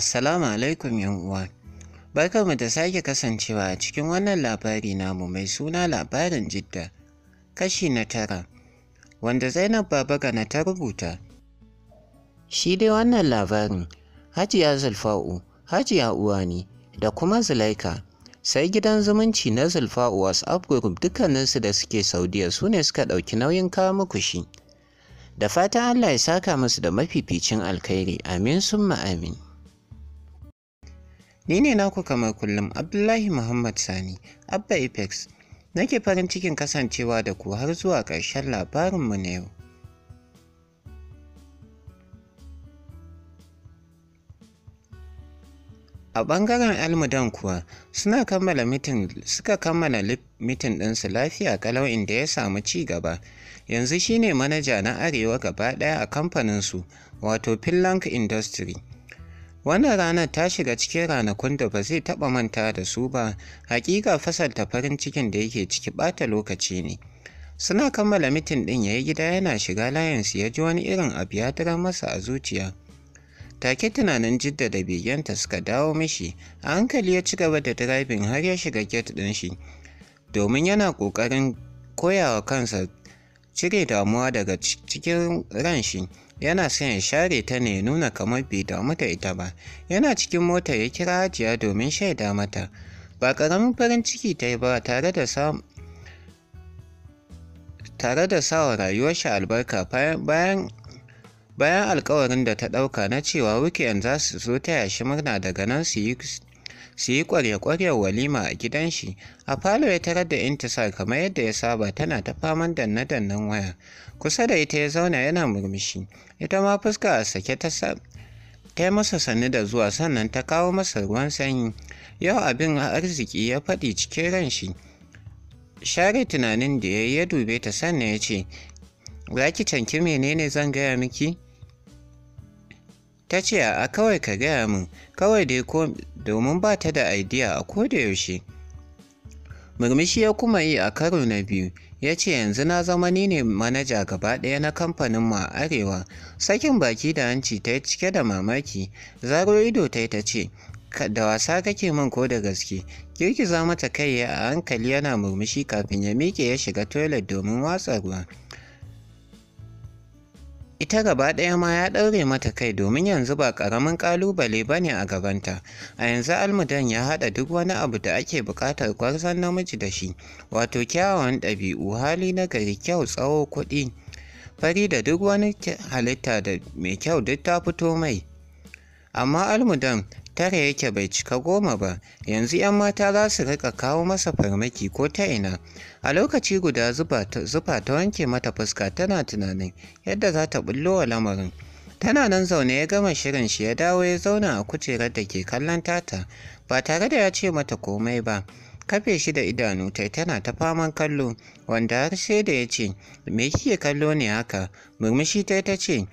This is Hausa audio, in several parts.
Assalamu alaikum uwa. mu da sake kasancewa a cikin wannan labari namu mai suna labarin jidda kashi na tara wanda Zainab na ta rubuta. Shi dai wannan labarin Hajiya Zulfa'u, Hajiya Uwani da kuma Zulaika sai gidan zumunci na Zulfa'u WhatsApp group dukkaninsu da suke Saudiya su ne suka ɗauki nauyin kawo muku shi. Da fatan Allah ya saka musu da mafificin alkhairi amin summa amin. Ni ne naku kamar kullum Abdullahi Muhammad Sani, Abba Apex. Nake farin cikin kasancewa da ku har zuwa ƙarshen labarinmu na yau. A ɓangaren Almudan kuwa suna kammala mitin suka kammala mitin ɗinsu lafiya kalau inda ya samu ci gaba. Yanzu shine manaja na Arewa gaba ɗaya a kamfaninsu wato Pinlank Industry. Wannan ranar ta shiga cikin ranakun da ba zai taɓa manta da su ba, haƙiƙa fasalta farin cikin da yake ciki ɓata lokaci ne. Suna kammala mitin ɗin ya yi gida yana shiga layinsu ya ji wani irin abu ya tarar masa a zuciya. Take tunanin jidda da begenta suka dawo mishi, a hankali ya ci gaba da direbin har ya shiga get ɗin shi, domin yana ƙoƙarin wa kansa cire damuwa daga cikin ran shi. yana son ya share ta ne nuna kamar bai damu da ita ba yana cikin mota ya kira hajiya domin shaida mata ba ƙaramin farin ciki ta yi ba tare da sa tare da sawa rayuwar albarka bayan bayan alkawarin da ta ɗauka na cewa wikiyan za su zo ta yashi murna daga nan su yi su yi ƙwarya-ƙwaryar walima a gidan shi a falo ya tarar da intisar kamar yadda ya saba tana ta faman danne-dannen waya kusa da ita ya zauna yana murmushi ita ma fuska a sake ta ta yi masa sannu da zuwa sannan ta kawo masa ruwan sanyi yau abin arziki ya faɗi cikin ran shi share tunanin da ya yi ya dube ta sannan ya ce za ki canki menene zan gaya miki ta ce a kawai ka gaya min kawai dai ko domin ba ta da aidiya a kodayaushe murmushi ya kuma yi a karo na biyu ya ce yanzu na zama ni ne manaja gaba ɗaya na kamfanin mu a arewa sakin baki da hanci ta yi cike da mamaki zaro ido ta yi ta ce da wasa kake min ko da gaske girgiza mata kai a hankali yana murmushi kafin ya miƙe ya shiga toilet domin watsa ruwa ita gaba ɗaya ma ya ɗaure mata kai domin yanzu ba ƙaramin ƙalubale ba ne a gabanta a yanzu almudan ya haɗa duk wani abu da ake buƙatar gwarzon namiji da shi wato kyawawan ɗabi'u hali na gari kyau tsawo kuɗi fari da duk wani halitta da mai kyau duk ta fito mai amma almudan tara yake bai cika goma ba yanzu 'yan mata za su rika kawo masa farmaki ko ta ina a lokaci guda zufa ta wanke mata fuska tana tunanin yadda za ta bullo wa lamarin tana nan zaune ya gama shirin shi ya dawo ya zauna a kujerar da ke kallon tata ba tare da ya ce mata komai ba kafe shi da idanu tai tana ta faman kallo wanda har sai da ya ce me kike kallo ne haka murmushi tai ta ce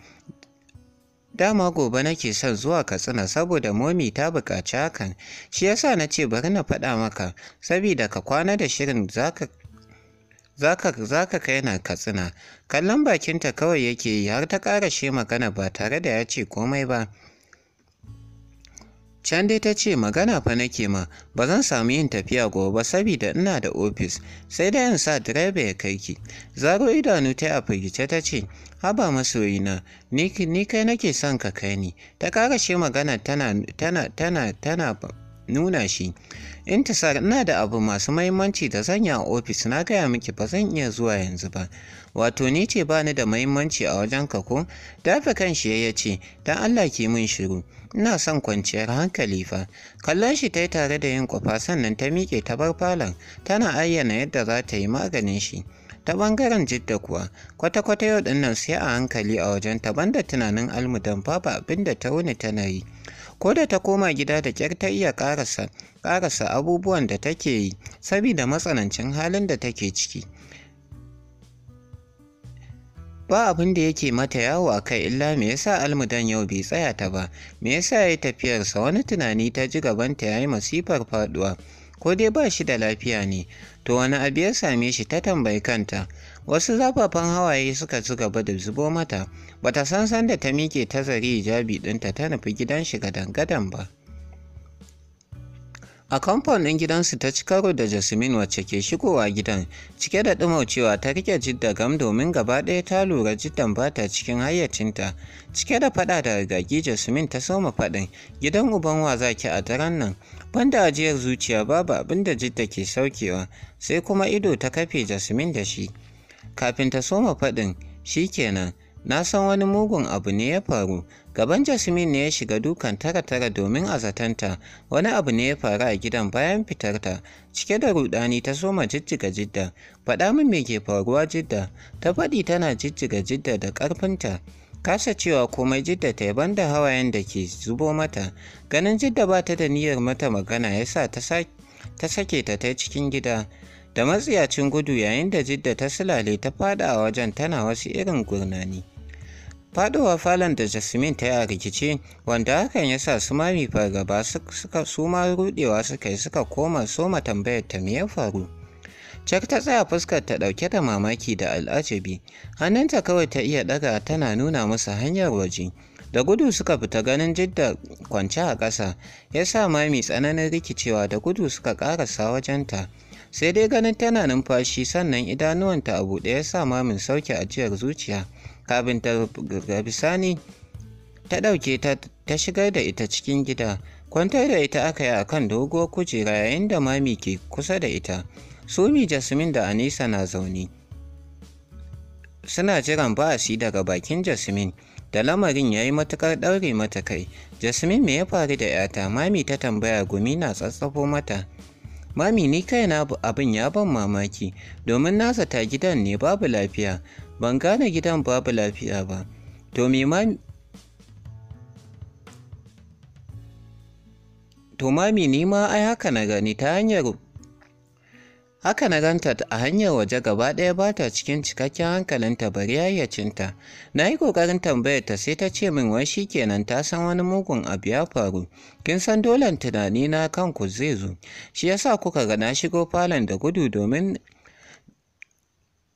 Dama gobe nake son zuwa Katsina saboda momi ta buƙaci hakan, shi yasa na ce bari na faɗa maka, sabida ka kwana da shirin za ka kai na Katsina. Kallon bakinta kawai yake yi har ta ƙara shi magana ba tare da ya ce komai ba. Can dai ta ce magana fa nake ma ba zan samu yin tafiya gobe ba saboda ina da ofis sai dai in sa direba ya kai ki. Zaro idanu ta a firgice ta ce haba masoyina ni kai nake son ka kai ni ta kara shi magana tana tana tana tana nuna shi intisar ina da abu masu mahimmanci da zan yi a ofis na gaya miki ba zan iya zuwa yanzu ba wato ni ce bani da mahimmanci a wajen ka ko dafe kan shi ya ce don allah ki min shiru ina son kwanciyar hankali fa kallon shi ta yi tare da yin kwafa sannan ta miƙe ta bar falon tana ayyana yadda za ta yi maganin shi ta ɓangaren jidda kuwa kwata-kwata yau ɗin nan sai a hankali a wajen ta banda tunanin almudan baba abin da ta wuni tana yi ko da ta koma gida da kyar ta iya ƙarasa abubuwan da take yi sabida matsanancin halin da take ciki ba abin da yake mata yawo a kai illa me yasa almudan yau bai tsaya ta ba me yasa ya yi tafiyarsa wani tunani ta ji gabanta ya yi masifar faduwa ko dai ba shi da lafiya ne to wani abu ya same shi ta tambayi kanta wasu zafafan hawaye suka ci gaba da zubo mata bata san san da ta miƙe ta zari hijabi ɗinta ta nufi gidan shi gadan-gadan ba A kamfan gidansu ta ci karo da Jasmin wacce ke shigowa gidan cike da cewa ta rike jidda gam domin gaba ɗaya ta lura jiddan ba ta cikin hayyacinta. Cike da faɗa da rigagi Jasmin ta soma faɗin gidan uban wa zaki a daren nan. Banda ajiyar zuciya babu abin da jidda ke saukewa sai kuma ido ta kafe Jasmin da shi. Kafin ta soma faɗin shi kenan na san wani mugun abu ne ya faru gaban jasmin ne ya shiga dukan tara-tara domin a zatanta wani abu ne ya faru a gidan bayan fitarta cike da rudani ta soma jijjiga jidda faɗa min me ke faruwa jidda ta faɗi tana jijjiga jidda da ƙarfinta kasa cewa komai jidda ta yaban da hawayen da ke zubo mata ganin jidda ba ta da niyyar mata magana ya sa ta sake ta ta cikin gida da matsiyacin gudu yayin da jidda ta silale ta fada a wajen tana wasu irin gurnani. faɗowa falon da jasmin ta yi a rikice wanda hakan ya sa su mami fargaba su ma rudewa suka yi suka koma soma tambayar ta me ya faru Cak ta tsaya fuskar ta ɗauke da mamaki da al'ajabi, hannunta kawai ta iya ɗaga tana nuna musu hanyar waje. Da gudu suka fita ganin jidda kwance a ƙasa, ya sa mami tsananin rikicewa da gudu suka ƙarasa wajenta. Sai dai ganin tana numfashi sannan idanuwanta a buɗe ya sa mamin sauke ajiyar zuciya. kafin ta ga bisani ta ɗauke ta ta shigar da ita cikin gida kwantar da ita aka yi a kan doguwar kujera yayin da mami ke kusa da ita sumi jasmin da anisa na zaune suna jiran ba'asi daga bakin jasmin da lamarin ya yi matuƙar ɗaure mata kai jasmin me ya faru da 'yata mami ta tambaya gumi na tsatsafo mata Mami ni kaina abin ya ban mamaki domin nasa ta gidan ne babu lafiya ban gane gidan babu lafiya ba to me ma to mami ni ma ai haka na gani ta hanyar haka na ganta a hanyar waje gaba ɗaya ba ta cikin cikakken hankalinta bari yayyacinta na yi ƙoƙarin tambayar ta sai ta ce min wai shi kenan ta san wani mugun abu ya faru kin san dolen tunani na kanku zai zo shi yasa kuka ga na shigo falon da gudu domin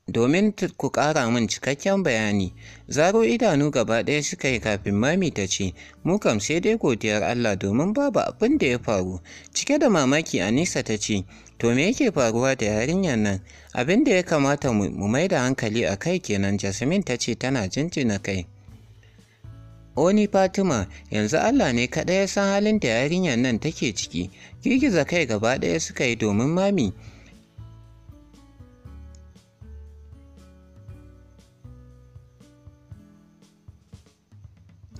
Domin ku ƙara min cikakken bayani, zaro idanu gaba ɗaya suka yi kafin mami ta ce, mu kam sai dai godiyar Allah domin babu abin da ya faru. Cike da mamaki Anisa ta ce, to me yake faruwa da yarinyar nan? Abin da ya kamata mu mai da hankali a kai kenan Jasmine ta ce tana jinjina kai. Oni Fatima, yanzu Allah ne kaɗai ya san halin da yarinyar nan take ciki, girgiza kai gaba ɗaya suka yi domin mami.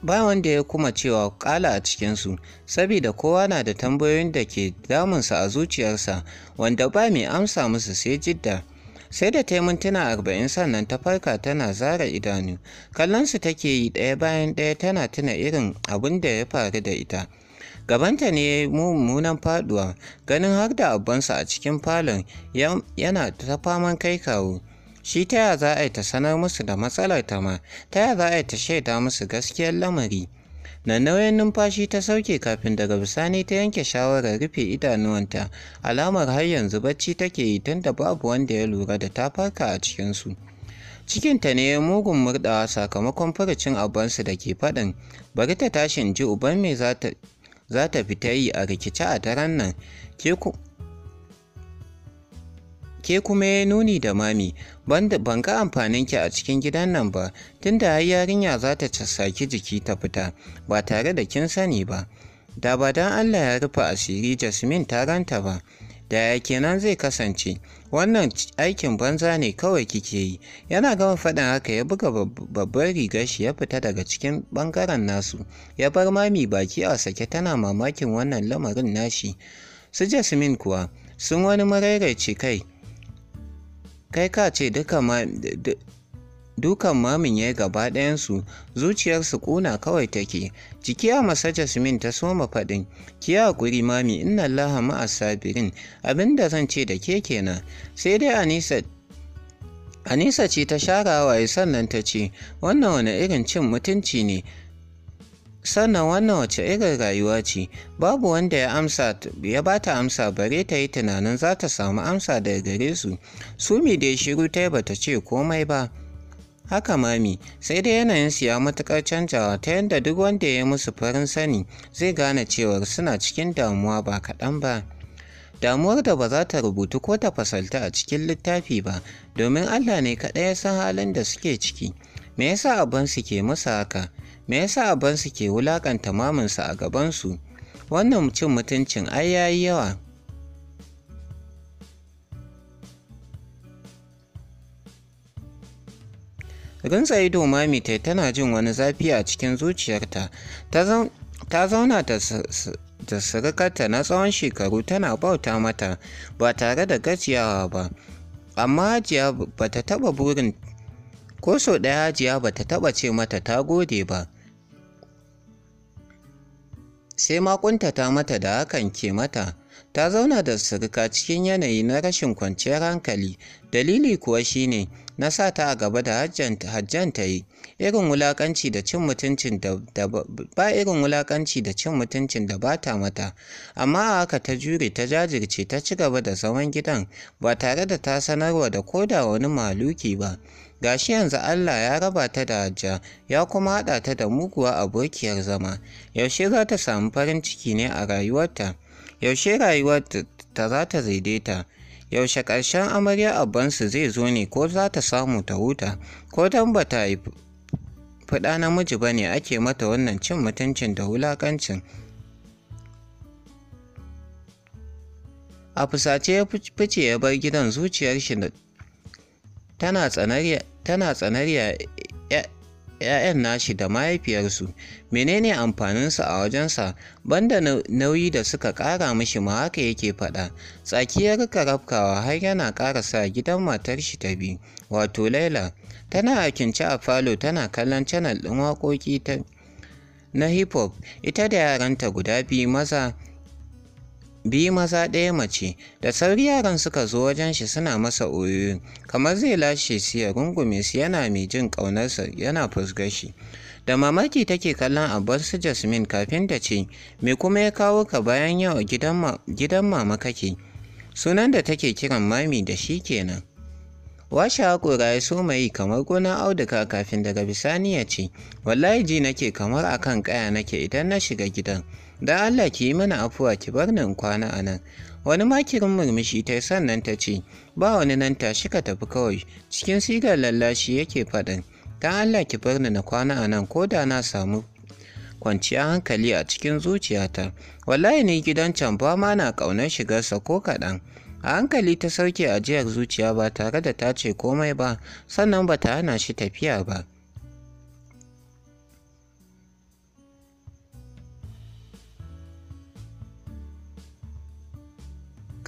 ba wanda ya kuma cewa ƙala a cikinsu saboda kowa na da tambayoyin da ke damunsa a zuciyarsa wanda ba mai amsa musu sai jidda sai da ta yi mintuna arba'in sannan ta farka tana zara idanu kallonsu take yi ɗaya bayan ɗaya tana tuna irin abin da ya faru da ita gabanta ne mummunan faduwa ganin har da abbansa a cikin falon yana ta faman kai kawo shi ta ya za a yi ta sanar musu da matsalar ta ma ta ya za a yi ta shaida musu gaskiyar lamari na nauyin numfashi ta sauke kafin daga bisani ta yanke shawarar rufe idanuwanta alamar har yanzu bacci take yi tunda babu wanda ya lura da ta farka a cikinsu cikinta ne ya mugun murɗawa sakamakon furucin abansu da ke faɗin bari ta tashin ji uban me za ta fita yi a rikice a daren nan ke kuma ya nuni da mami ban ga ki a cikin gidan nan ba tunda har yarinya za ta saki jiki ta fita ba tare da kin sani ba da ba dan Allah ya rufe asiri Jasmine ta ranta ba da ya kenan zai kasance wannan aikin banza ne kawai kike yi yana gama faɗin haka ya buga babban rigar shi ya fita daga cikin ɓangaren nasu ya bar mami baki a sake tana mamakin wannan lamarin nashi su jasmin kuwa sun wani mararaice kai kai ka ce dukan mamin ya gaba ɗayansu zuciyarsu ƙuna kawai take jiki a masa jasmin ta soma faɗin ki haƙuri mami inna allaha ma'as sabirin abin da zan ce da ke kenan sai dai anisa Anisa ce ta share sannan ta ce, Wannan wani irin cin mutunci ne, sannan wannan wace irin rayuwa ce babu wanda ya amsa ya ba ta amsa bare ta yi tunanin za ta samu amsa daga gare su su mi dai shiru ta ba ta ce komai ba haka mami sai dai yanayinsu ya matuƙar canjawa ta yadda duk wanda ya yi musu farin sani zai gane cewar suna cikin damuwa ba kaɗan ba damuwar da ba za ta rubutu ko ta fasalta a cikin littafi ba domin allah ne kaɗai ya san halin da suke ciki me yasa su ke musu haka me yasa abansu ke wulaƙanta maminsu a gabansu wannan cin mutuncin ai yayi yawa Rinsa ido mami tai tana jin wani zafi a cikin zuciyarta ta zauna da surukarta na tsawon shekaru tana bauta mata ba tare da gajiyawa ba amma hajiya ba ta taɓa burin ko sau ɗaya hajiya ba ta taɓa ce mata ta gode ba sai ma mata da hakan ke mata ta zauna da sirika cikin yanayi na rashin kwanciyar hankali dalili kuwa shine na sa ta a gaba da hajjan ta yi irin wulakanci da cin mutuncin da ba irin wulakanci da cin mutuncin da bata mata amma a haka ta jure ta jajirce ta ci gaba da zaman gidan ba tare da ta sanarwa da koda wani maluki ba Ga shi yanzu Allah ya raba ta da hajja ya kuma haɗa ta da muguwa abokiyar zama yaushe za ta samu farin ciki ne a rayuwarta yaushe rayuwarta ta za ta daidaita yaushe ƙarshen amarya abansu zai zo ne ko za ta samu ta huta ko dan ba ta yi fuɗa namiji ba ne ake mata wannan cin mutuncin da wulaƙancin a fusace ya fice ya bar gidan zuciyar shi tana tsanar ‘ya'yan nashi da mahaifiyarsu menene amfaninsu a wajensa banda nauyi da suka ƙara mishi ma haka yake faɗa Tsakiyar karafkawa har yana ƙara sa gidan matar shi ta bi. wato laila tana hakince a falo tana kallon canal ɗin waƙoƙi na hip hop ita da yaranta guda biyu maza biyu maza ɗaya mace da sauri yaran suka zo wajen shi suna masa oyoyi, kamar zai lashe su ya rungume su yana mai jin ƙaunarsa yana fusgar shi da mamaki take kallon abbas su jasmin kafin ta ce me kuma ya kawo ka bayan yawa gidan mama kake sunan da take kiran mami da shi kenan washe haƙura ya so yi kamar gonar auduka kafin daga bisani ya ce wallahi ji nake kamar akan ƙaya nake idan na shiga gidan da Allah ki yi mana afuwa ki bar in kwana a nan wani makirin murmushi ta sannan ta ce ba wani nan tashi ka tafi kawai cikin sigar lallashi yake faɗin ta Allah ki bar ni na kwana a nan ko da na samu kwanciya hankali a cikin zuciyata wallahi ni gidan can ba ma na ƙaunar shigarsa ko kaɗan a hankali ta sauke ajiyar zuciya ba tare da ta ce komai ba sannan ba ta hana shi tafiya ba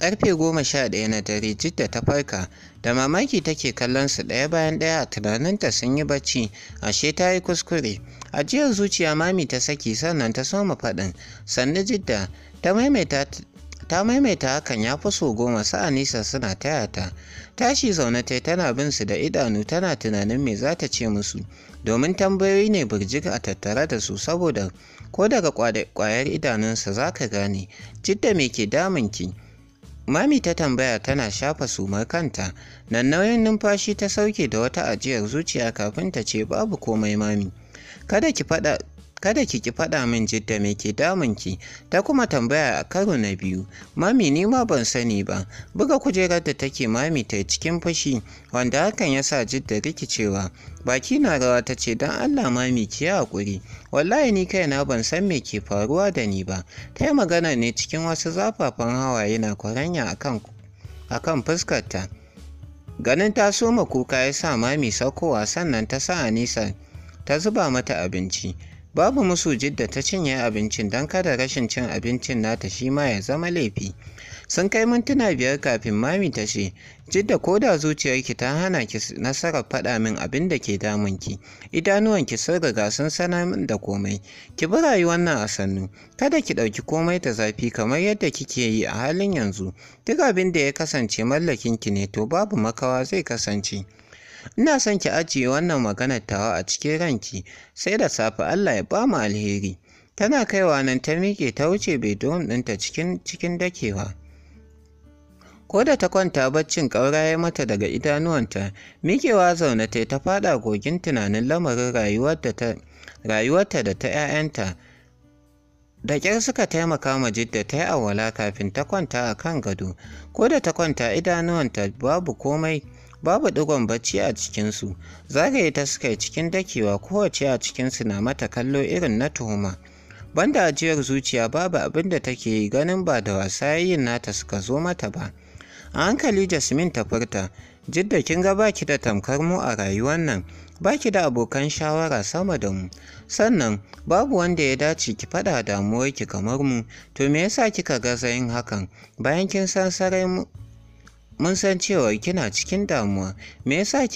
Karfe goma sha ɗaya na dare Jidda ta farka da mamaki take kallon su ɗaya bayan ɗaya a tunaninta sun yi bacci ashe ta yi kuskure. Ajiyar zuciya mami ta saki sannan ta soma faɗin sannu Jidda ta maimaita ta maimaita hakan ya fi so goma sa'a nisa suna taya ta tashi zaune tai tana bin su da idanu tana tunanin me za ta ce musu domin tambayoyi ne birjik a tattare da su saboda ko daga kwayar idanunsa za ka gane jidda me ke damunki Mami ta tambaya tana shafa sumar kanta, nan nauyin numfashi ta sauke da wata ajiyar zuciya kafin ta ce babu komai mami. Kada ki faɗa kada ki ki faɗa min jidda me ke damun ki ta kuma tambaya a karo na biyu mami ni ma ban sani ba buga kujerar da take mami ta cikin fushi. wanda hakan ya sa jidda rikicewa baki na rawa ta ce don allah mami ki yi haƙuri wallahi ni kaina ban san me ke faruwa da ni ba ta yi magana ne cikin wasu zafafan hawaye na kwaranya a kan fuskarta ganin ta soma kuka ya sa mami saukowa sannan ta sa nisa ta zuba mata abinci Babu musu Jidda ta cinye abincin don kada rashin cin abincin nata shi ma ya zama laifi. Sun kai mintuna biyar kafin mami ta ce, Jidda ko da zuciyarki ta hana ki nasarar faɗa min abin da ke damunki, idanuwanki sun riga sun sana min da komai, ki bi rayuwar nan a sannu, kada ki ɗauki komai ta zafi kamar yadda kike yi a halin yanzu, duk abin da ya kasance mallakinki ne to babu makawa zai kasance. Ina son ki ajiye wannan maganar tawa a cikin ranki, sai da safe Allah ya ba mu alheri. Tana kaiwa nan ta miƙe ta wuce bedroom ɗinta cikin cikin dakewa. Ko da ta kwanta baccin ƙaura ya mata daga idanuwanta, miƙewa zaune ta ta faɗa gogin tunanin lamarin rayuwarta da ta 'ya'yanta. Da ƙyar suka taimaka ma Jidda ta yi awwala kafin ta kwanta a kan gado, ko da ta kwanta idanuwanta babu komai babu digon bacci a cikinsu zagaye ta suka yi cikin dakewa kowace a cikinsu na mata kallo irin na tuhuma banda ajiyar zuciya babu abin da take yi ganin ba da wasa yayin nata suka zo mata ba a hankali jasmin ta furta jidda kin ga baki da tamkar mu a rayuwar nan baki da abokan shawara sama da mu sannan babu wanda ya dace ki faɗa damuwarki kamar mu to me yasa kika gaza yin hakan bayan kin san sarai mu mun san cewa kina cikin damuwa me yasa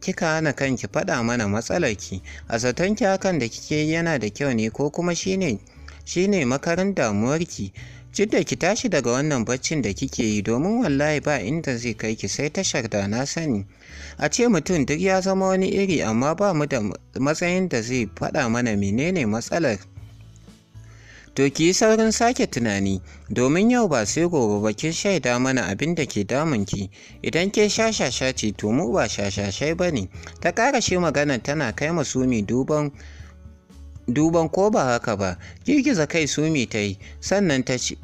kika hana kanki faɗa mana matsalar ki? a zatonki hakan da kike yana da kyau ne ko kuma shine shine makarin damuwarki jidda ki tashi daga wannan baccin da kike yi domin wallahi ba inda zai kai ki sai tashar da na sani a ce mutum duk ya zama wani iri amma ba mu da matsayin da zai faɗa mana menene matsalar to ki yi saurin sake tunani domin yau ba sai gobe ba kin shaida mana abin da ke ki. idan ke shashasha ce to mu ba shashashai ba ne ta ƙara shi magana tana kai ma sumi duban duban ko ba haka ba girgiza kai sumi ta yi sannan ta ce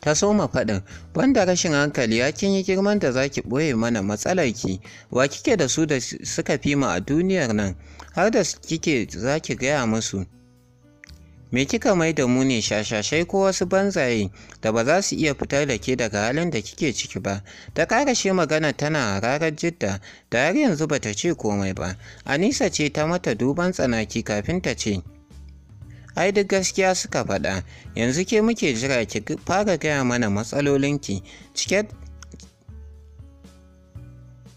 ta soma faɗin banda rashin hankali ya kin yi girman da zaki ɓoye mana matsalar ki wa kike da su da suka fi ma a duniyar nan har da kike zaki gaya musu Me kika mai da mu ne shashashai ko wasu banzaye da ba za su iya fitar da ke daga halin da kike ciki ba? Ta karashe magana tana hararar jidda da har yanzu ta ce komai ba. Anisa ce ta mata duban tsanaki kafin ta ce. Ai duk gaskiya suka faɗa, yanzu ke muke jira ki fara gaya mana matsalolinki cike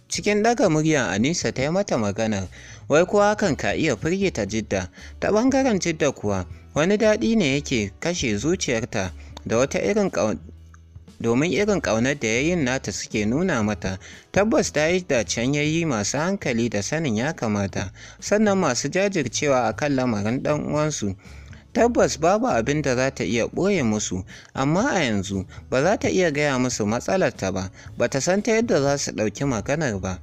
cikin ɗaga murya Anisa ta yi mata magana, wai kuwa hakan ka iya firgita Jidda, ta ɓangaren Jidda kuwa wani daɗi ne yake kashe zuciyarta da wata irin domin irin ƙaunar da yayin nata suke nuna mata tabbas ta yi da canyayi yayi masu hankali da sanin ya kamata sannan masu jajircewa a kan lamarin ɗan uwansu tabbas babu abin da za ta iya ɓoye musu amma a yanzu ba za ta iya gaya musu matsalarta ba ba ta san ta yadda za su ɗauki maganar ba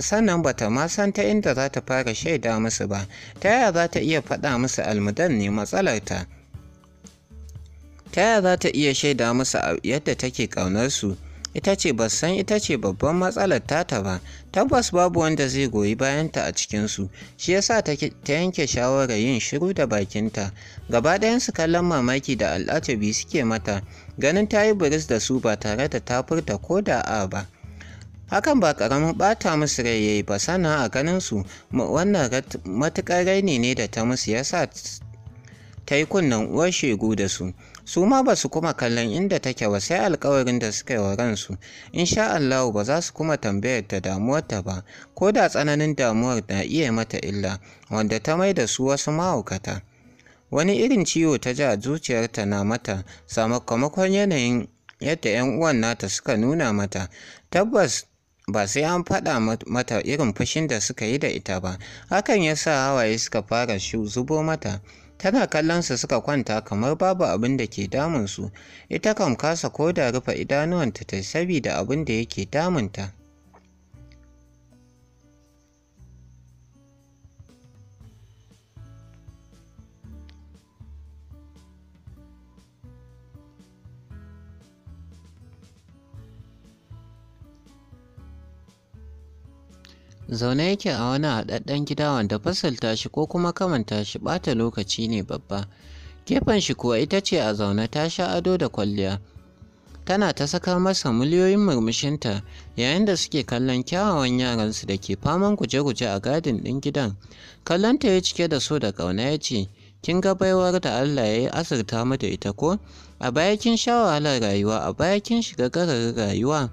sannan ba ta ma san ta inda za ta fara shaida musu ba ta yaya za ta iya faɗa musu almudan ne matsalarta ta yaya za ta iya shaida musu yadda take ƙaunarsu ita ce ba san ita ce babban matsalar tata ba tabbas babu wanda zai goyi bayanta a cikinsu shi yasa ta yanke shawarar yin shiru da bakinta gaba ɗayansu kallon mamaki da al'ajabi suke mata ganin ta yi buris da su ba tare da ta furta ko da a ba hakan ba ƙaramin ɓata musu rai yayi ba sana a ganin su wannan matuƙar raini ne da ta musu yasa ta yi kunnen uwar shegu da su su ma ba su kuma kallon inda take ba sai alkawarin da suka yi wa ransu In sha Allah ba za su kuma tambayar ta damuwar ta ba ko da tsananin damuwar na iya mata illa wanda ta mai da su wasu mahaukata wani irin ciwo ta ji a zuciyarta na mata sakamakon yanayin yadda 'yan uwan nata suka nuna mata tabbas ba sai an faɗa mata irin fushin da suka yi da ita ba hakan ya sa hawaye suka fara zubo mata tana kallon su suka kwanta kamar babu abin da ke damunsu ita kan kasa ko da rufe idanuwanta ta sabida abin da yake damunta zaune yake a wani haɗaɗɗen gida wanda fasalta shi ko kuma kamanta shi ɓata lokaci ne babba gefen shi kuwa ita ce a zaune ta sha ado da kwalliya tana ta saka masa miliyoyin murmushinta yayin da suke kallon kyawawan yaransu da ke faman guje-guje a gadin ɗin gidan kallon ta ya cike da so da ƙauna ya ce kin ga baiwar da Allah ya yi azurta mu da ita ko a baya kin sha wahalar rayuwa a baya kin shiga gararin rayuwa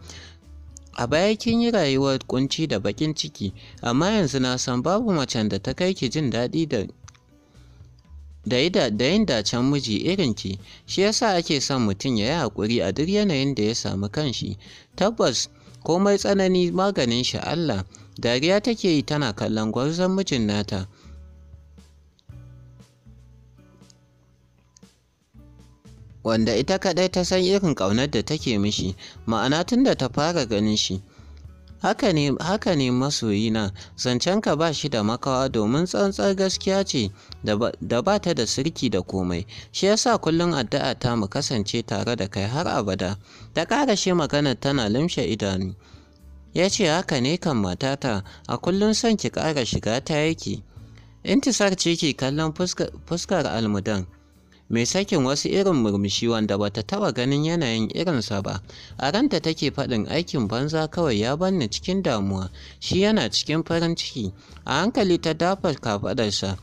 A baya kin yi rayuwar ƙunci da baƙin ciki, amma yanzu na san babu macen da ta kai ki jin daɗi da da yin dacen miji irin ki, shi yasa ake son mutum ya yi haƙuri a duk yanayin da ya samu kanshi. Tabbas komai tsanani maganin shi Allah, dariya take yi tana kallon gwarzon mijin nata. wanda ita kadai ta san irin ƙaunar da take mishi ma'ana tun da ta fara ganin shi haka ne masoyina zancen masoyina zancenka ba shi da makawa domin tsantsar gaskiya ce da ba ta da sirki da komai shi yasa kullum addu'a ta mu kasance tare da kai har abada ta ƙara shi magana tana limshe idanu ya ce haka ne kan matata a kullum son ki ƙara shiga ta yake intisar ce ke kallon fuskar almudan mai sakin wasu irin murmushi wanda ba ta taɓa ganin yanayin irinsa ba a ranta take faɗin aikin banza kawai ya banni cikin damuwa shi yana cikin farin ciki a hankali ta dafa kafaɗarsa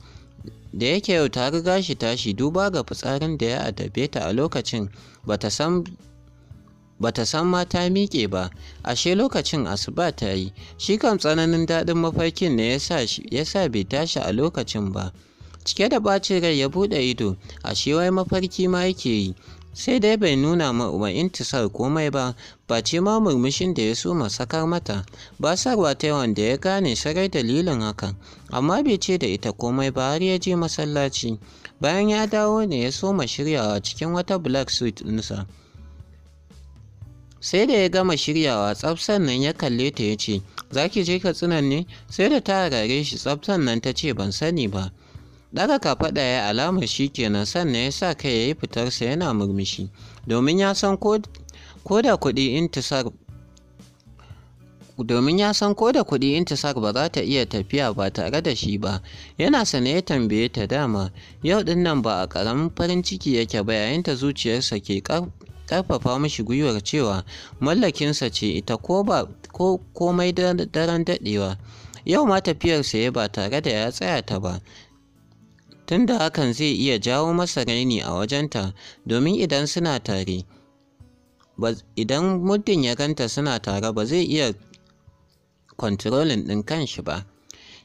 da yake yau ta riga shi tashi duba ga fitsarin da ya adabe ta a lokacin bata san bata san ma miƙe ba ashe lokacin asuba ta yi shi kan tsananin daɗin mafarkin ne ya sa bai tashi a lokacin ba cike da ɓacin rai ya buɗe ido ashe wai mafarki ma yake yi sai dai bai nuna ma intisar komai ba ba ce ma murmushin da ya so sakar mata Ba basarwa ta wanda ya gane sarai dalilin hakan amma bai ce da ita komai ba har ya je masallaci bayan ya dawo ne ya soma shiryawa cikin wata black suit nusa, sai da ya gama shiryawa tsaf nan ya kalle ta ya ce za ki je katsinan ne sai da ta harare shi tsaf nan ta ce ban sani ba Ɗaga kafaɗa ya alamar shi kenan sannan ya sa kai ya yi fitarsa yana murmushi domin ya san ko da kuɗi intisar domin ya san ko da kuɗi intisar ba za ta iya tafiya ba tare da shi ba yana sane ya tambaye ta dama yau ɗin nan ba a ƙaramin farin ciki yake ba yayin ta zuciyarsa ke ƙarfafa mishi gwiwar cewa mallakinsa ce ita ko ba ko komai daren daɗewa yau ma tafiyarsa ya ba tare da ya tsaya ta ba tunda hakan zai iya jawo masa raini a wajenta domin idan suna tare idan muddin ya ganta suna tare ba zai iya kontrolin ɗin kanshi ba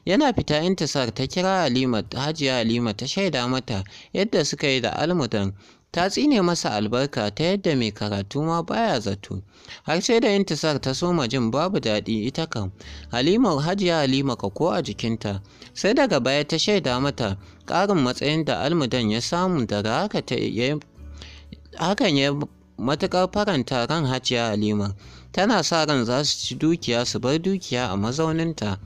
yana fita intisar ta kira halima hajiya halima ta shaida mata yadda suka yi da almudan ta tsine masa albarka ta yadda mai karatu ma baya zato har sai da intisar ta soma jin babu daɗi ita kan. halimar hajiya halima ka ko a jikinta sai daga baya ta shaida mata ƙarin matsayin da almudan ya samu daga hakan ya matuƙar faranta ran hajiya halima tana sa ran za su ci dukiya su bar dukiya a mazauninta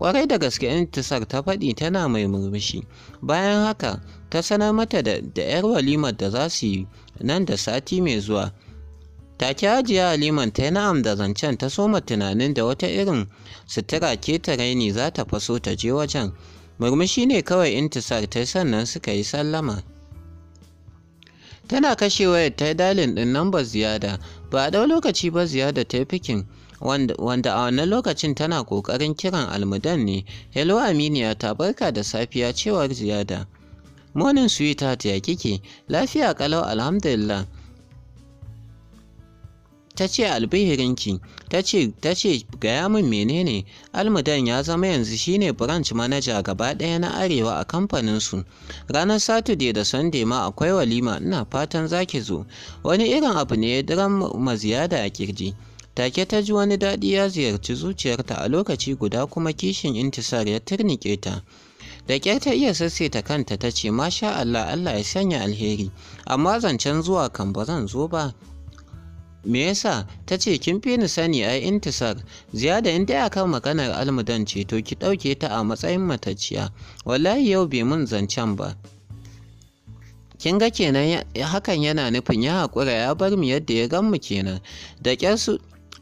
Kwarai da gaske intisar ta faɗi tana mai murmushi. Bayan haka ta sanar mata da 'yar walimar da za su yi nan da sati mai zuwa. Take hajiya Haliman ta na'am da zancen ta soma tunanin da wata irin sutura ke ta raini za ta faso ta je wajen. Murmushi ne kawai intisar ta sannan suka yi sallama. Tana kashe wayar ta yi dalin ɗin ba ziyada, ba a ɗau lokaci ba ziyada ta yi fikin. wanda a wannan lokacin tana ƙoƙarin kiran almudan ne hello aminiya ta barka da safiya cewar ziyada morning sweetheart ya kike lafiya kalau alhamdulillah ta ce albihirinki ta ce gaya min menene almudan ya zama yanzu shine branch manager gaba ɗaya na arewa a kamfaninsu ranar saturday da sunday ma akwai walima ina fatan zaki zo wani irin abu ne ya diran maziyada a kirji Take ta ji wani daɗi ya ziyarci zuciyarta a lokaci guda kuma kishin intisar ya turnike ta. Da ƙyar ta iya sassaita kanta ta ce masha Allah Allah ya sanya alheri amma zancen zuwa kan ba zan zo ba me yasa ta ce kin fi ni sani a intisar ziyada in dai kan maganar almudan ce to ki ɗauke ta a matsayin matacciya wallahi yau bai mun zancen ba kin ga kenan hakan yana nufin ya haƙura ya bar mu yadda ya gan mu kenan da ƙyar su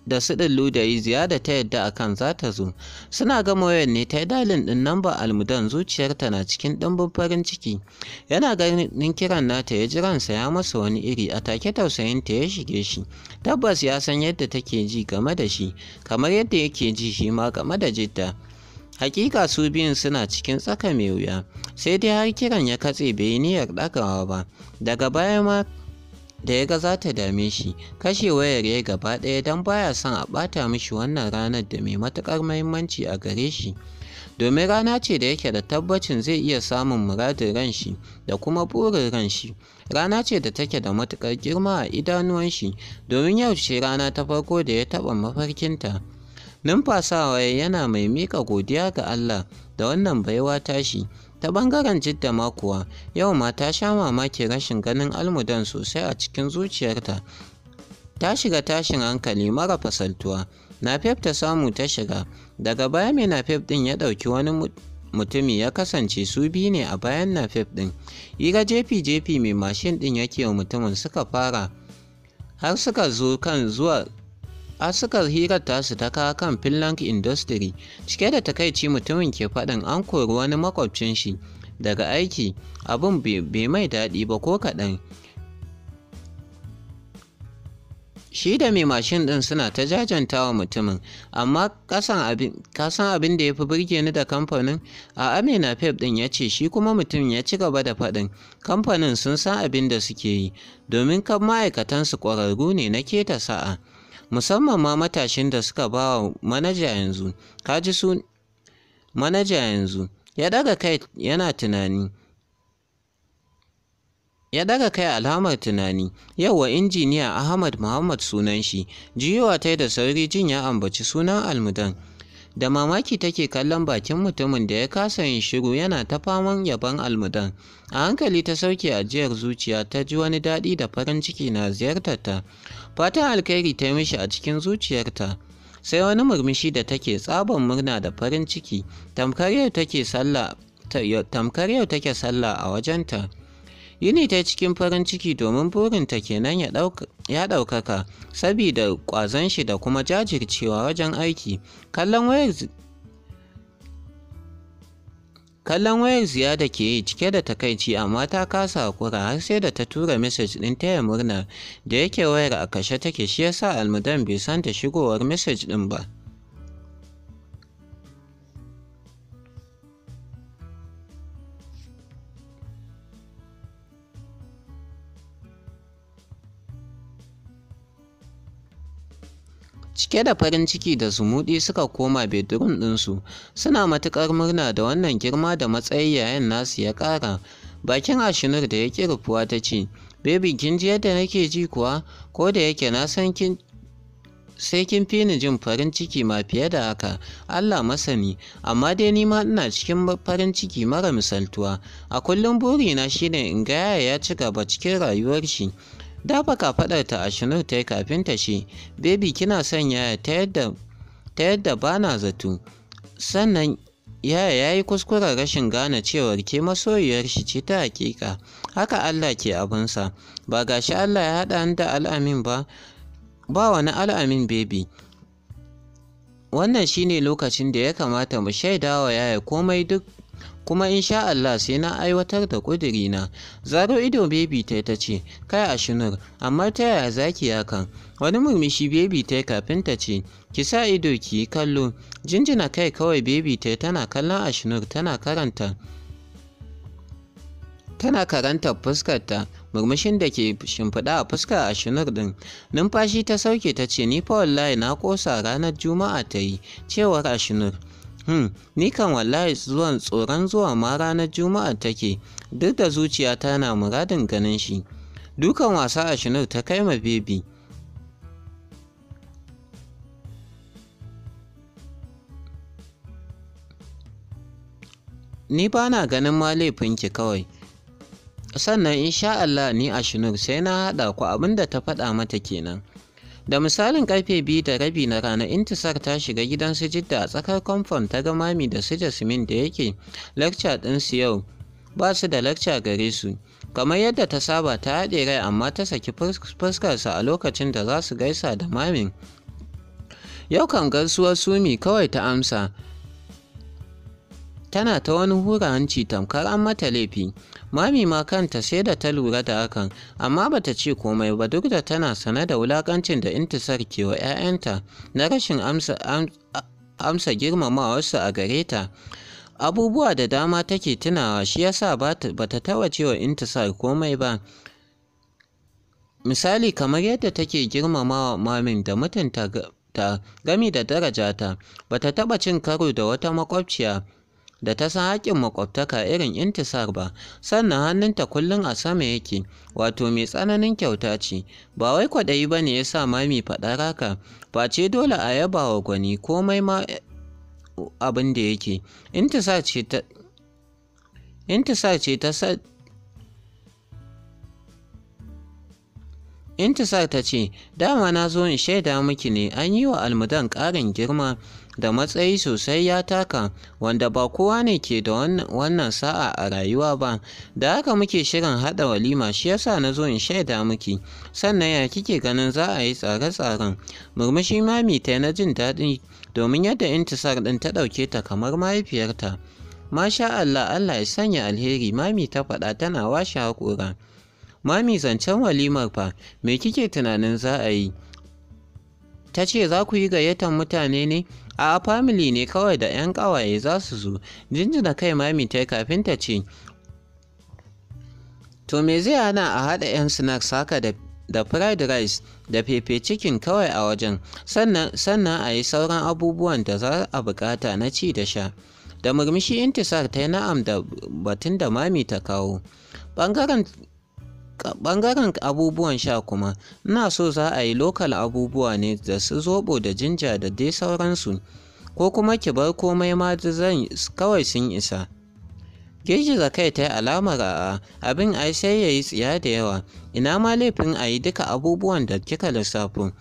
da su ɗin ludayi ziyada ta yadda a kan za ta zo suna gama wayan ne ta dalin ɗin namba almudan zuciyarta na cikin ɗimbin farin ciki yana ganin kiran nata ya ji ransa ya masa wani iri a take tausayin ta ya shige shi tabbas ya san yadda take ji game da shi kamar yadda yake ji shi ma game da jidda Hakika su biyun suna cikin tsaka mai wuya, sai dai har kiran ya katse bai yi niyyar ɗagawa ba, daga baya ma da ya ga za ta dame shi kashe wayar ya gaba ɗaya don baya son a ɓata mishi wannan ranar da mai matuƙar mahimmanci a gare shi domin rana ce da yake da tabbacin zai iya samun muradin ran shi da kuma burin ran shi rana ce da take da matuƙar girma a idanuwan shi domin yau ce rana ta farko da ya taɓa mafarkinta numfasawa yana mai miƙa godiya ga Allah da wannan baiwa tashi Ta ɓangaren Jidda ma kuwa, yau ma ta sha mamaki rashin ganin almudan sosai a cikin zuciyarta. Ta shiga tashin hankali mara fasaltuwa, Nafef ta samu ta shiga, daga baya mai Nafef ɗin ya ɗauki wani mutumi ya kasance su biyu ne a bayan Nafef ɗin. Hira jefi-jefi mai mashin ɗin yake wa mutumin suka fara har suka zo kan zuwa asukar hirar tasu ta kawo kan Finland Industry cike da takaici mutumin ke faɗin an kori wani makwabcin shi daga aiki abin bai mai daɗi ba ko kaɗan. Shi da mai mashin ɗin suna ta jajantawa mutumin, amma kasan abin da ya fi birge ni da kamfanin a Amina Pep ɗin ya ce shi kuma mutum ya ci gaba da faɗin kamfanin sun san abin da suke yi domin kan ma'aikatansu ƙwararru ne na keta sa'a. musamman ma matashin da suka ba wa manaja yanzu ka ji su manaja yanzu ya daga kai yana tunani ya daga kai alamar tunani injiniya ahmad muhammad sunan shi jiyowa ta da sauri jin ya ambaci sunan almudan da mamaki take kallon bakin mutumin da ya kasa yin shiru yana ta faman yaban almudan a hankali ta sauke ajiyar zuciya ta ji wani daɗi da farin ciki na ziyartarta fatan alkhairi ta yi mishi a cikin zuciyarta sai wani murmushi da take tsaban murna da farin ciki tamkar yau take sallah a wajenta Yuni ta cikin farin ciki domin burinta kenan ya ɗaukaka sabida ƙwazon shi da kuma jajircewa wajen aiki. Kallon wayar ziya da ke yi cike da takaici amma ta kasa hakura har sai da ta tura mesej ɗin taya murna da yake wayar a kashe take shi yasa almudan bai san ta shigowar mesej ɗin ba. Cike da farin ciki da zumuɗi suka koma bedroom ɗinsu, suna matuƙar murna da wannan girma da matsayi yayin nasu ya ƙara. Bakin Ashinur da ya ƙi rufuwa ta ce, Baby kin ji yadda nake ji kuwa, ko da yake na san kin sai kin fi ni jin farin ciki ma fiye da haka Allah masani amma dai ni ma ina cikin farin ciki mara misaltuwa a kullum burina shine in ga yaya ya ci gaba cikin rayuwar shi dafa ta a shinur ta yi kafin ta ce bebi kina son yaya ta yadda ta yadda ba na zato sannan yaya ya yi kuskuren rashin gane cewar ke masoyiyar shi ce ta hakika haka allah ke abinsa ba gashi allah ya haɗa da al'amin ba ba wani al'amin bebi wannan shine lokacin da ya kamata mu shaidawa yaya komai duk kuma in sha Allah sai na aiwatar da na. Zaro ido Baby ta ta ce, kai a Ashinur, amma ta yaya zaki ki hakan? Wani murmushi Baby ta kafin ta ce, ki sa ido ki yi kallo, jinjina kai kawai Baby ta tana kallon Ashinur tana karanta. tana karantar fuskarta murmushin da ke shimfiɗa a fuskar ashinur ɗin numfashi ta sauke ta ce ni fa wallahi na ƙosa ranar juma'a ta yi cewar a ashinur Hmm, ni kan wallahi zuwan tsoron zuwa ma ranar Juma'a take, duk da zuciyata na muradin ganin shi. Dukan wasa a Shinur ta kai ma bebi. Ni ba na ganin ma laifinki kawai. Sannan insha Allah ni a Shinur sai na haɗa ku Abinda ta faɗa mata kenan. Da misalin karfe biyu da rabi na rana Intisar ta shiga gidan su Jidda a tsakar kwamfon ta ga mami da su Jasmin da yake lakca su yau ba su da lakca gare su. Kamar yadda ta saba ta haɗe rai amma ta saki fuskarsa a lokacin da za su gaisa da mamin. Yau kan gaisuwar Sumi kawai ta amsa, tana ta wani hura hanci tamkar an mata laifi mami ma kanta sai da ta lura da hakan amma ba ta ce komai ba duk da tana sane da wulakancin da intisar ke wa 'ya'yanta na rashin amsa, girmamawarsu a gare ta abubuwa da dama take tunawa shi yasa ta tawa cewa intisar komai ba misali kamar yadda take girmamawa mamin da mutunta gami da daraja ta bata taɓa cin karo da wata makwabciya da ta san haƙƙin makwabtaka irin intisar ba sannan hannunta kullum a sama yake wato mai tsananin kyauta ce ba wai kwaɗayi ba ne ya sa mami raka ba ce dole a yaba wa gwani komai ma abin da yake intisar ce ta Intisar ta ce, Dama na zo in shaida miki ne an yi wa almudan ƙarin girma da matsayi sosai ya taka wanda ba kowa ne ke da wannan sa'a a rayuwa ba da haka muke shirin haɗa walima shi yasa na zo in shaida miki sannan ya kike ganin za a yi tsare-tsaren murmushi mami ta na jin daɗi domin yadda intisar ɗin ta ɗauke ta kamar mahaifiyarta masha Allah Allah ya sanya alheri mami ta faɗa tana washe haƙora mami zancen walimar fa me kike tunanin za a yi ta ce za ku yi gayyatar mutane ne A'a famili ne kawai da 'yan ƙawaye za su zo, jinjina kai mami ta kafin ta ce, To me zai hana a haɗa 'yan snacks haka da da fried rice da fefe chicken kawai a wajen sannan sannan a yi sauran abubuwan da za a bukata na ci da sha da murmushi intisar ta yi na'am da batun da mami ta kawo ɓangaren abubuwan sha kuma ina so za a yi lokal abubuwa ne da su zoɓo da jinja da dai sauransu ko kuma ki bar komai ma zan kawai sun isa girgiza kai ta yi alamar a abin ai sai ya yi tsiya da yawa ina ma laifin a yi duka abubuwan da kika lissafo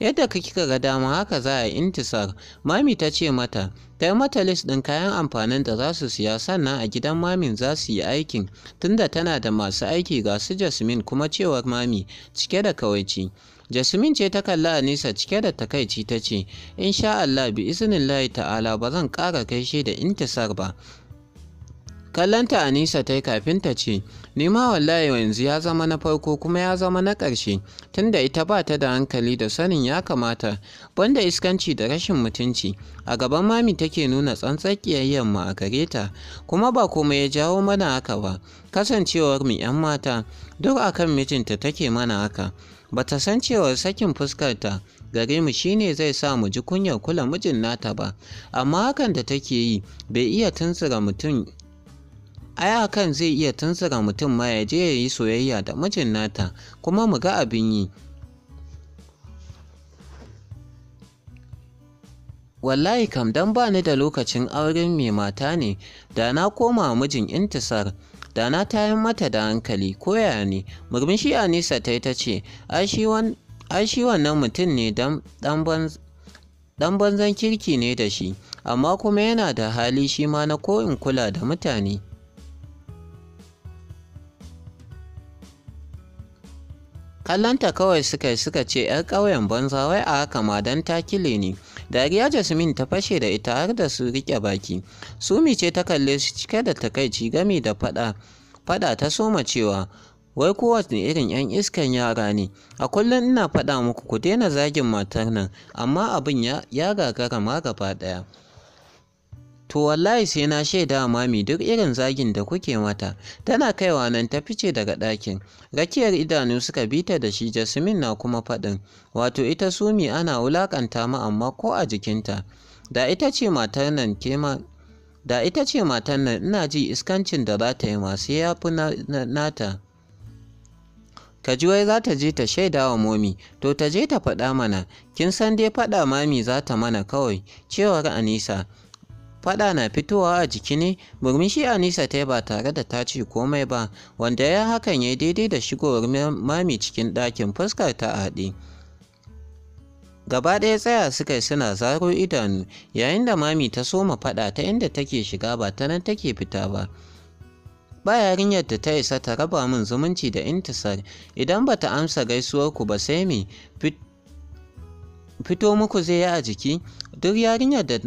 yadda kika ga dama haka za a intisar mami ta ce mata Ta mata lis ɗin kayan amfanin da za su siya sannan a gidan mamin za su yi aikin tunda tana da masu aiki ga su Jasmin kuma cewar mami cike da kawaici. Jasmin ce ta kalla a Anisa cike da takaici ta ce, In sha Allah bi izinin ta'ala ba zan ƙara gaishe da intisar ba. kallonta anisa ta yi kafin ta ce ni ma wallahi yanzu ya zama na farko kuma ya zama na ƙarshe tunda ita ba ta da hankali da sanin ya kamata banda iskanci da rashin mutunci a gaban mami take nuna tsantsar yamma a gare ta kuma ba komai ya jawo mana haka ba kasancewar mu 'yan mata duk akan mijinta take mana haka bata san cewa sakin fuskarta gare mu shine zai sa mu ji kunyar kula mijin nata ba amma hakan da take yi bai iya tuntsura mutum ai hakan zai iya tunsura mutum ma ya je ya yi soyayya da mijin nata kuma mu ga abin yi wallahi kam dan ba ni da lokacin auren mai mata ne da na koma mijin intisar da na tayin mata da hankali koya ne murmushi anisa ta yi ta ce ai shi wannan mutum ne dan banzan kirki ne da shi amma kuma yana da hali shi ma na ko in kula da mutane kallanta kawai suka suka ce 'yar ƙauyen banza wai a haka ma don takile ne dariya jasmin ta fashe da ita har da su riƙe baki sumi ce ta kalle su cike da takaici gami da fada faɗa ta soma cewa wai kowace irin 'yan iskan yara ne a kullum ina faɗa muku ku daina zagin matar nan amma abin ya gagara ma gaba ɗaya To wallahi sai na shaida mami duk irin zagin da kuke mata, tana kaiwa nan ta fice daga ɗakin. Rakiyar idanu suka bi ta da shi Jasmin na kuma faɗin, wato ita sumi ana wulaƙanta mu amma ko a jikinta. Da ita ce matar nan ke ma da ita ce matar nan ina ji iskancin da za ta yi ma sai ya fi nata. Ka ji wai za ta je ta shaida wa momi, to ta je ta faɗa mana, kin san dai faɗa mami za ta mana kawai, cewar Anisa. faɗa na fitowa a jiki ne murmushi anisa ta ba tare da ta ce komai ba wanda ya hakan ya daidai da shigowar mami cikin ɗakin fuskar ta haɗe gaba ɗaya tsaya suka yi suna zaro idanu yayin da mami ta soma faɗa ta inda take shiga ba ta nan take fita ba ba yarinyar da ta isa ta raba min zumunci da intisar idan ba ta amsa gaisuwar ku ba sai me fito muku zai yi a jiki duk yarinyar da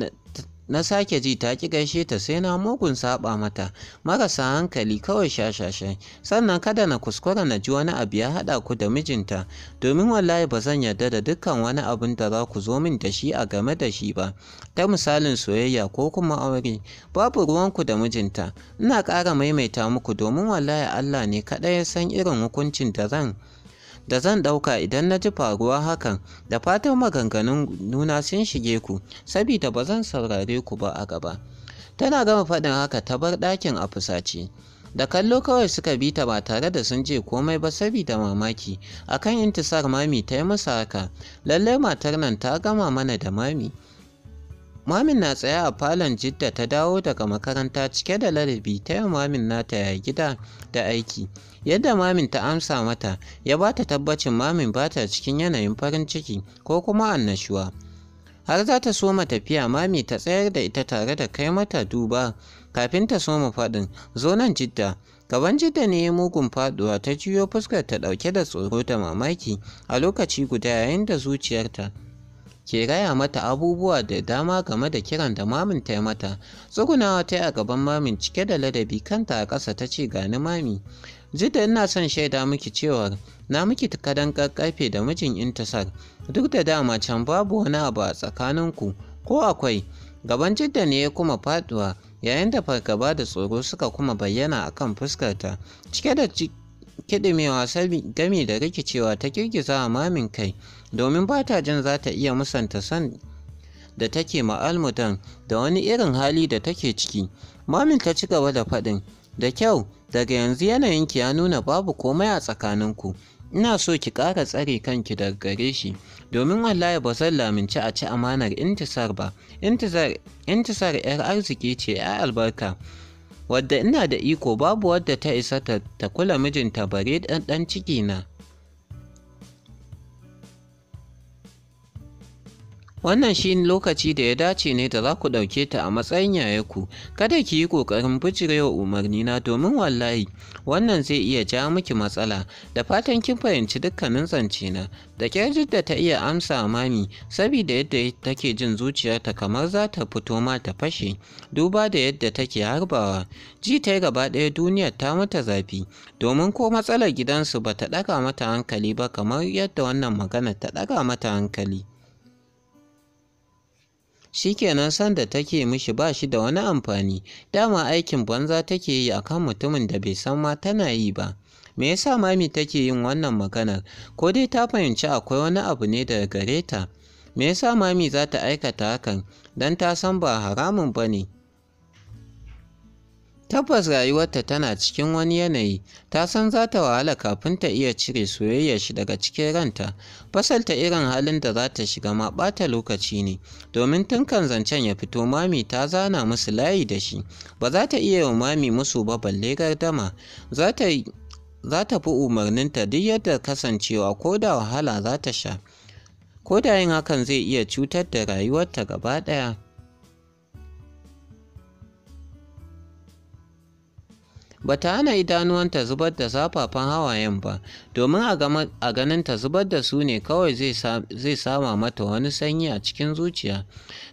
na sake ji ta ki gaishe ta sai na mugun saba mata marasa hankali kawai shashashe sannan kada na kuskura na ji wani abu ya haɗa ku da mijinta domin wallahi ba zan yarda da dukkan wani abin da za ku zo min da shi a game da shi ba ta misalin soyayya ko kuma aure babu ruwanku da mijinta ina ƙara maimaita muku domin wallahi Allah ne kaɗai ya san irin hukuncin da zan da zan ɗauka idan na ji faruwa hakan da fatan maganganun nuna sun shige ku sabida ba zan saurare ku ba a gaba tana gama faɗin haka ta bar ɗakin a fusace da kallo kawai suka bi ta ba tare da sun je komai ba sabida mamaki kan intisar mami ta yi masa haka lallai matar nan ta gama mana da mami mamin na tsaye a falon jidda ta dawo daga makaranta cike da larabi, ta yi mamin nata ya gida da aiki yadda mamin ta amsa mata ya ba ta tabbacin mamin ba ta cikin yanayin farin ciki ko kuma annashuwa har za ta soma tafiya mami ta tsayar da ita tare da kai mata duba kafin ta soma faɗin zo nan jidda gaban jidda ne ya mugun faɗuwa ta jiyo fuskar ta ɗauke da tsoro da mamaki a lokaci guda yayin da zuciyarta ke raya mata abubuwa da dama game da kiran da mamin ta yi mata tsugunawa ta yi a gaban mamin cike da ladabi kanta a ƙasa ta ce gani mami jidda ina son shaida miki cewa na miki kadan kakkafe da mijin intasar duk da dama can babu wani abu a tsakaninku ko akwai gaban jidda ne ya kuma faɗuwa, yayin da fargaba da tsoro suka kuma bayyana a kan fuskarta cike da kiɗimewa gami da rikicewa ta girgiza a mamin kai domin ba ta jin za ta iya musanta san da take ma'almudan da wani irin hali da take ciki mamin ta ci gaba da faɗin da kyau daga yanzu yanayinki ya nuna babu komai a tsakaninku ina so ki ƙara tsare kanki daga gare shi domin wallahi ba zan lamunci a ci amanar intisar ba intisar yar arziki ce ya albarka wadda ina da iko babu wadda ta isa ta kula mijinta bare ɗan ciki na Wannan shi lokaci da ya dace ne da za ku ɗauke ta a matsayin yayaku, kada ki yi ƙoƙarin bijirewa na domin wallahi wannan zai iya ja miki matsala, da fatan kin fahimci dukkanin na. Da ƙyar da ta iya amsa mami, saboda yadda take jin zuciyarta kamar za ta fito ma ta fashe, duba da yadda take harbawa. Ji ta gaba ɗaya duniya ta mata zafi, domin ko matsalar gidansu ba ta ɗaga mata hankali ba kamar yadda wannan magana ta ɗaga mata hankali. shi kenan sanda take mishi ba shi da wani amfani dama aikin banza take yi a kan mutumin da bai san ma tana yi ba me yasa mami take yin wannan maganar ko dai ta fahimci akwai wani abu ne daga gare ta me yasa mami za ta aikata hakan Dan ta san ba haramun ba ne Tabbas rayuwarta tana cikin wani yanayi, ta san za ta wahala kafin ta iya cire soyayya shi daga cikin ranta, fasalta irin halin da za ta shiga ma ɓata lokaci ne, domin tun kan zancen ya fito mami ta zana musu layi da shi, ba za ta iya yi mami musu ba balle gardama, za za ta fi umarninta duk yadda kasancewa ko da wahala za ta sha, ko da yin hakan zai iya cutar da rayuwarta gaba ɗaya. ba ta hana idanuwanta zubar da zafafan hawayen ba domin a ganin ta zubar da su ne kawai zai sama mata wani sanyi a cikin zuciya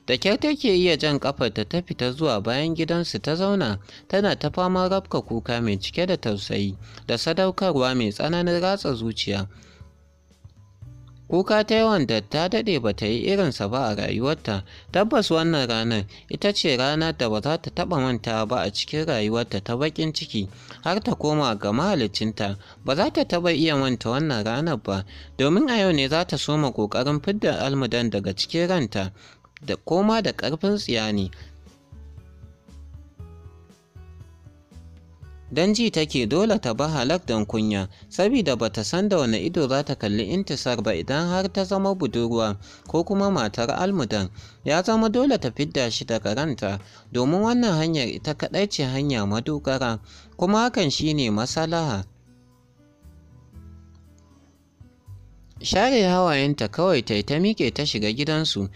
da kyar take iya jan kafar ta ta fita zuwa bayan gidansu ta zauna tana ta fama rafka kuka mai cike da tausayi da sadaukarwa mai tsananin ratsa zuciya Kuka ta yawan da ta daɗe ba ta yi irinsa ba a rayuwarta, tabbas wannan ranar ita ce rana da ba za ta taɓa manta ba a cikin rayuwarta ta baƙin ciki har ta koma ga mahalicinta ba za ta taɓa iya manta wannan ranar ba domin a yau ne za ta soma ƙoƙarin fidda almudan daga cikin ranta da koma da ƙarfin tsiya ne don ji take dole ta ba halak don kunya sabida ba ta san da wani ido za ta kalli intisar ba idan har ta zama budurwa ko kuma matar almudan ya zama dole ta fidda shi daga ranta domin wannan hanyar ita kaɗai ce hanya madogara kuma hakan shine masalaha share hawayenta kawai ta ta miƙe ta shiga gidansu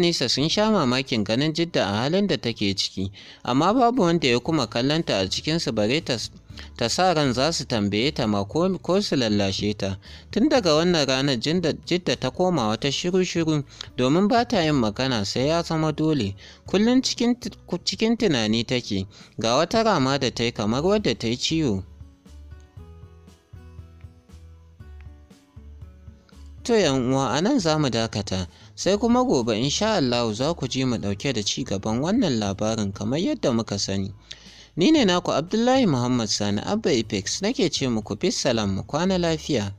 nisa sun sha mamakin ganin jidda a halin da take ciki amma babu wanda ya kuma kallonta a cikinsu bare ta sa ran za su tambaye ta ma ko su lallashe ta tun daga wannan ranar jidda ta koma wata shiru-shiru domin ba ta yin magana sai ya zama dole kullum cikin tunani take ga wata rama da ta yi kamar wadda ta yi ciwo To uwa a nan za mu dakata, sai kuma gobe insha Allah za ku ji mu ɗauke da ci gaban wannan labarin kamar yadda muka sani. Ni ne naku Abdullahi Muhammad Sani Abba Apex nake ce muku bisalam mu kwana lafiya.